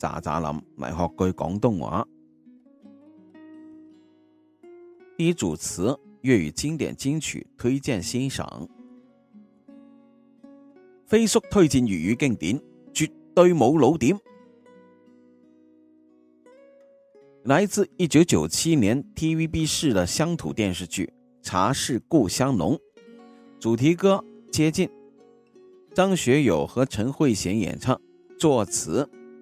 咋咋諗？咪學句廣東話。第一組詞粵語經典金曲推薦欣賞，飛速》。推薦粵語經典，絕對冇老點。來自一九九七年 TVB 視的鄉土電視劇《茶室故鄉濃》，主題歌接近，張學友和陳慧嫻演唱，作詞。